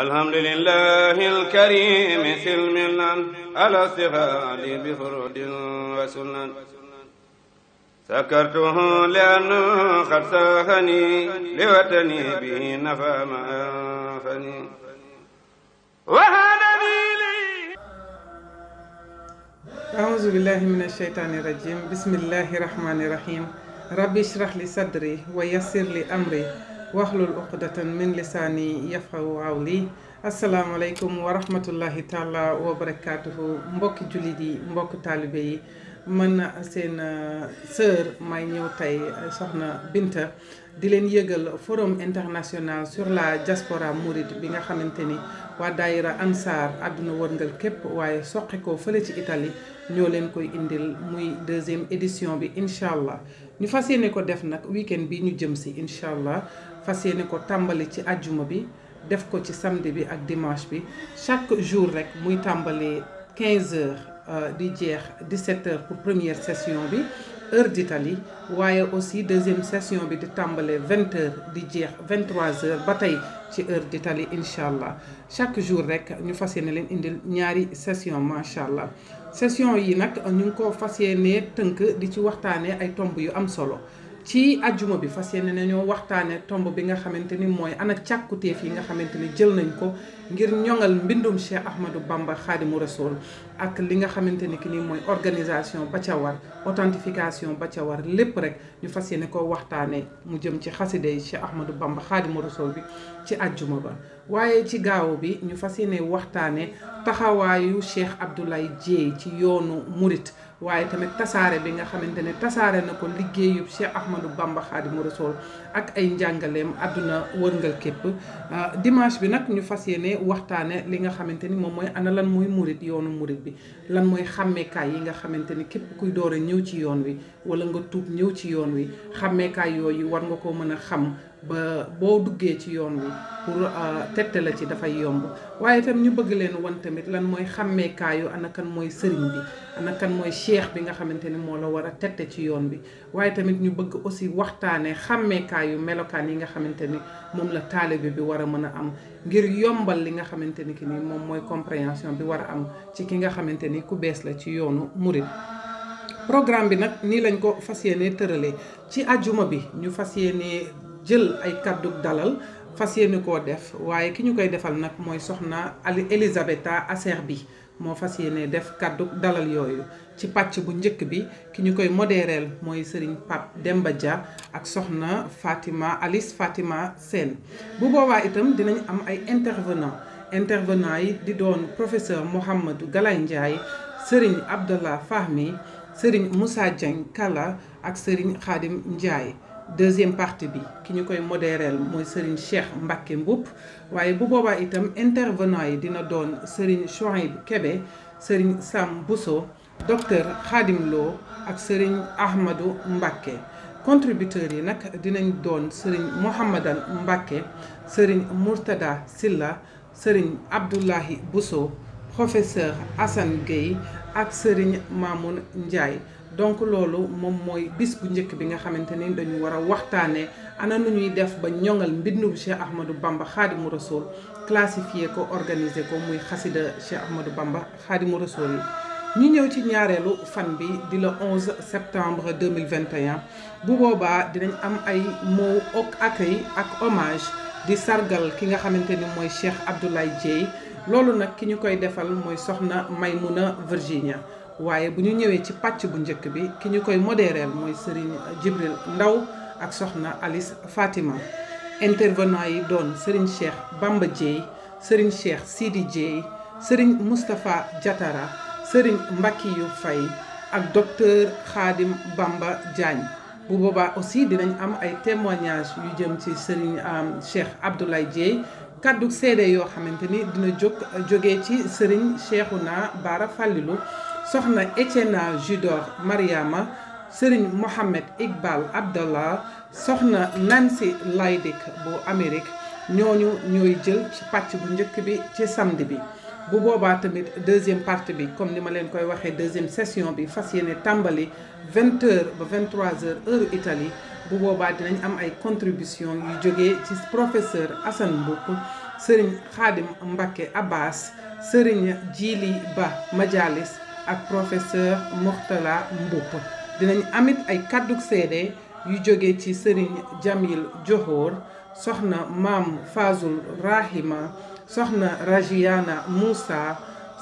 الحمد لله الكريم سلم على استغال بفرد وسنن سكرته لأنه قد ساخني لوطني به نفى ما أنفني وهذا أعوذ بالله من الشيطان الرجيم بسم الله الرحمن الرحيم ربي اشرح لي صدري ويسر لي أمري wax waxlul uqdatan min lisaani yafqahu qawli asalaamaaleykum wa rahmatullahi taala wa barakaatuhu mbokki jullit yi mbokk taalibe yi man seen uh, sœur may ñëw tey uh, soxna Binta di leen yëgal forum international sur la diaspora mouride bi nga xamante ni waa daayira Ansar àdduna wërngal képp waaye soqi ko fële ci itali ñoo leen koy indil muy deuxième édition bi incha allah ñu fas yéene ko def nag week-end bi ñu jëm si incha allah fas yéene ko tàmbali ci àjjuma bi def ko ci samedi bi ak dimanche bi chaque jour rek muy tàmbali 15 heures euh, di jeex 17 heures pour première session bi heure d'Italie waaye aussi deuxième session bi di tàmbalee vingt heures di jeex 23 heures ba tey ci heure d'Italie incha allah chaque jour rek ñu fas yéene leen indil ñaari session macha allah session yi nag ñu ngi ko fas yéene tënk di ci waxtaanee ay tomb yu am solo. ci ajjuma bi fas yéene nañoo waxtaane tomb bi nga xamante ni mooy ana càkkutéef yi nga xamante ni jël nañ ko ngir ñoŋal mbindum Cheikh Ahmadou Bamba Xaadimu Rasool ak li nga xamante ni ki ni mooy organisation ba ca war authentification ba ca war lépp rek ñu fas yéene ko waxtaane mu jëm ci xasida yi Cheikh Ahmadou Bamba Xaadimu Rasool bi ci ajjuma ba waaye ci gaaw bi ñu fas yéene waxtaane taxawaayu Cheikh Abdoulaye Dieye ci yoonu murit waaye tamit tasaare bi nga xamante ne tasaare na ko liggéeyub Cheikh Ahmadou Bamba Khadimu Rasoul ak ay njàngaleem àdduna wërngal képp euh, dimanche bi nag ñu fas yéene waxtaane li nga xamante ni moom mooy ana lan mooy murit yoonu murit bi lan mooy xàmmeekaay yi nga xamante ni képp kuy doore ñëw ci yoon wi wala nga tuub ñëw ci yoon wi xàmmeekaay yooyu war nga ko mën a xam boo duggee ci yoon wi pour euh, tegte la ci dafay yomb waaye itam ñu bëgg leen wan tamit lan mooy xàmmeekaayu ana mooy sëriñ bi ana mooy cheikh bi nga xamante ni moo la war a tette ci yoon bi waaye tamit ñu bëgg aussi waxtaanee xàmmeekaayu melokaan yi nga xamante ni moom la taalibe bi war a mën a am ngir yombal li nga xamante ni ki ni moom mooy compréhension bi war a am ci ki nga xamante ni ku bees la ci yoonu murid programme bi nag nii lañ ko fas yéenee tëralee ci ajuma bi ñu fas yéenee jël ay kàddu dalal fas yéene ko def waaye ki ñu koy defal nag mooy soxna Ali Elisabetta Aser bi moo fas yéene def kàddu dalal yooyu ci pàcc bu njëkk bi ki ñu koy modereel mooy Serigne Pape Demba Dia ak soxna Fatima Alice Fatima Sène bu boobaa itam dinañ am ay intervenant intervenant yi di doon professeur Mouhamadou Galay Ndiaye Serigne Abdallah Fahmi Serigne Moussa Dieng Kala ak Serigne Khadim Ndiaye deuxième partie bi ki ñu koy modéreel mooy Serigne Cheikh Mbacké Mboup waaye bu boobaa itam intervenant yi dina doon Serigne Chouaib kebe Serigne Sam buso docteur Khadim Lo ak Serigne Ahmadou Mbacké contributeurs yi nag dinañ doon Serigne Mouhamadan Mbacké Serigne Mourtada Silla Serigne Abdoulahi buso professeur Assane Gueye ak Serigne Mamoun Ndiaye donc loolu moom mooy bis bu njëkk bi nga xamante ni dañu war a waxtaanee ana nu ñuy def ba ñoŋal mbindum Cheikh Ahmadou Bamba Xaadimu Rasoul classifié ko organisé ko muy xasida Cheikh Ahmadou Bamba Xaadimu Rasoul yi. ñu ñëw ci ñaareelu fan bi di la 11 septembre 2021 bu boobaa dinañ am ay mots ak accueil ak hommage di sargal ki nga xamante ni mooy Cheikh Abdoulaye Dieye loolu nag ki ñu koy defal mooy soxna may Maymuna Virginia. waaye bu ñu ñëwee ci pàcc bu njëkk bi ki ñu koy modéreel mooy sëriñ Jibril Ndaw ak soxna alis Fatima intervenant yi doon sëriñ Cheikh Bamba Dieye sëriñ Cheikh Sidi Dieye sëriñ Moustapha Diatara sëriñ Mbakiyou Faye ak docteur Khadim Bamba Diagne bu boobaa aussi dinañ am ay témoignages yu jëm ci sëriñ Cheikh Abdoulaye Dieye kàddu seede yoo xamante ni dina jóg jógee ci sëriñ Cheikhouna Bara Fallilou soxna Etiena Judor Mariama Serigne Mohamed Iqbal Abdallah soxna Nancy Laydik bu Amérique ñooñu ñooy jël ci pàcc bu njëkk bi ci samedi bi bu boobaa tamit deuxième partie bi comme ni ma leen koy waxee deuxième session bi fas yéene tàmbali 20 ba 23 heures heure Italie bu boobaa dinañ am ay contribution yu jógee ci professeur Assane Mboup Serigne Khadim Mbacké Abbas Serigne Djili Ba Majalis ak professeur Mourtala Mboup dinañ amit ay kàddug seede yu jóge ci sëriñ Jamil Johor soxna maam Fazul Rahima soxna Rajiana Moussa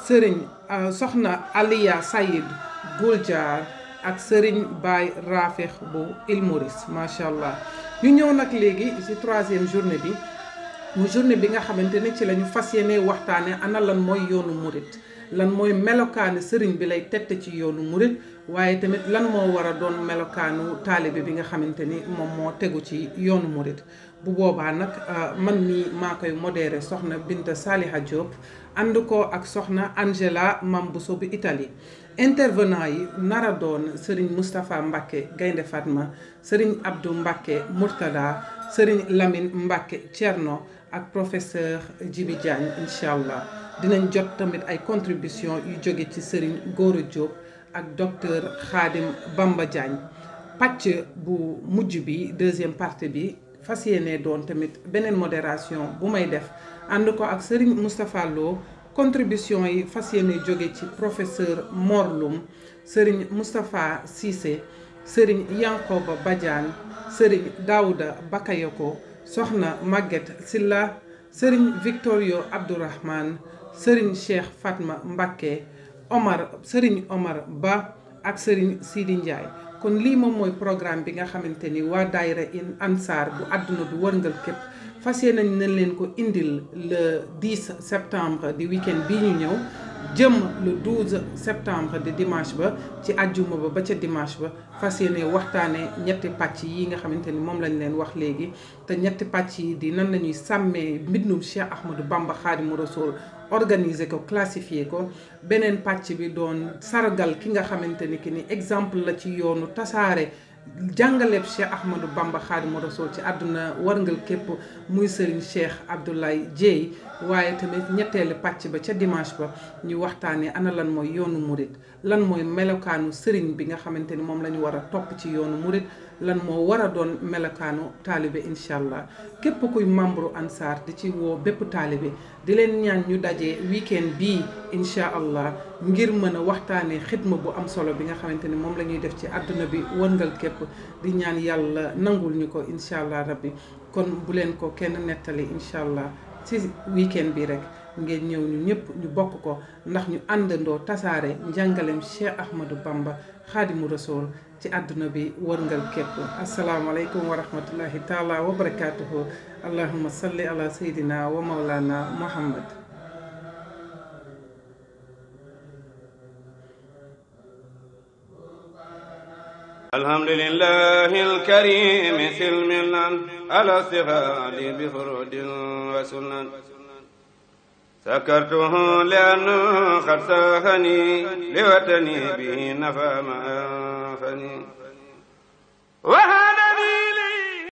sëriñ ah, soxna Aliya Sayid Guljar ak sëriñ Baye Rafex bu Ilmouris macha allah ñu ñëw nag léegi ci troisième journée bi mu journée bi nga xamante ne ci la ñu fas yéene waxtaane ana mooy yoonu murit lan mooy melokaanu sëriñ bi lay tette ci yoonu murit waaye tamit lan moo war a doon melokaanu taalibe bi nga xamante ni moom moo tegu ci yoonu murit bu boobaa nag euh, man mii maa koy modéré soxna Binta Saliha Diop ànd ko ak soxna Angela Mambuso bu itali intervenant yi nara doon sëriñ Moustapha Mbacké Gaynde Fatma sëriñ Abdou Mbacké Mourtada sëriñ Lamine Mbacké Thierno ak professeur Djibi Diagne allah dinañ jot tamit ay contribution yu jóge ci Serigne Gora jóg ak docteur Khadim Bamba pacc bu mujj bi deuxième partie bi fas yéene doon tamit beneen modération bu may def ànd ko ak Serigne Moustapha contribution yi fas yéene jóge ci professeur Mor Loum Serigne Moustapha Cissé Serigne Yankoba Badiane Serigne Daouda Soxna Maguette Silla Serigne Victorio Abdourahmane Serigne Cheikh Fatma Mbacké Omar Serigne Omar Ba ak Serigne Sidi Ndiaye kon lii moom mooy programme bi nga xamante ni waa daayira in Ansar bu àdduna bi wërngal képp fas yéene nañ leen ko indi le 10 septembre di week-end bii ñu ñëw jëm lu 12 septembre di dimanche ba ci àjjuma ba ba ca dimanche ba fas yéene waxtaanee ñetti pàcc yi nga xamante ni moom lañ leen wax léegi te ñetti pàcc yi di nan la ñuy sàmmee mbindum Cheikh Ahmadou Bamba Khadimou Rassoul organiser ko classifier ko beneen pàcc bi doon sargal ki nga xamante ni ki ni exemple la ci yoonu tasaare jàngaleeb Cheikh Ahmadou Bamba Xaadimu Rasuul ci àdduna warngal képp muy sëriñ Cheikh Abdoulaye Dieye waaye tamit ñetteelu pàcc ba ca dimanche ba ñu waxtaanee ana lan mooy yoonu murit lan mooy melokaanu sëriñ bi nga xamante ni moom la ñu war a topp ci yoonu murit lan moo war a doon melokaanu taalibe incha allah képp kuy membre Ansar di ci woo bépp taalibe di leen ñaan ñu daje weekend bii incha allah. ngir mën a waxtaanee xitma bu am solo bi nga xamante ne moom la ñuy def ci àdduna bi wërngal képp di ñaan yàlla nangul ñu ko incha allah rabbi kon bu leen ko kenn nettali incha allah ci weekend bi rek ngeen ñëw ñu ñëpp ñu bokk ko ndax ñu àndandoo tasaare njàngaleem Cheikh Ahmadou Bamba xaadimu rasool ci àdduna bi wërngal képp asalaamaaleykum wa rahmatullahi taala wa barakaatuhu allahuma salli ala sayyidina wa maulana muhammad alhamdulillahi alkarimi silmilan alastifad bifrodin wa sunan sakartuhu liannu qad sahani liwatani bihi nafa ma anfani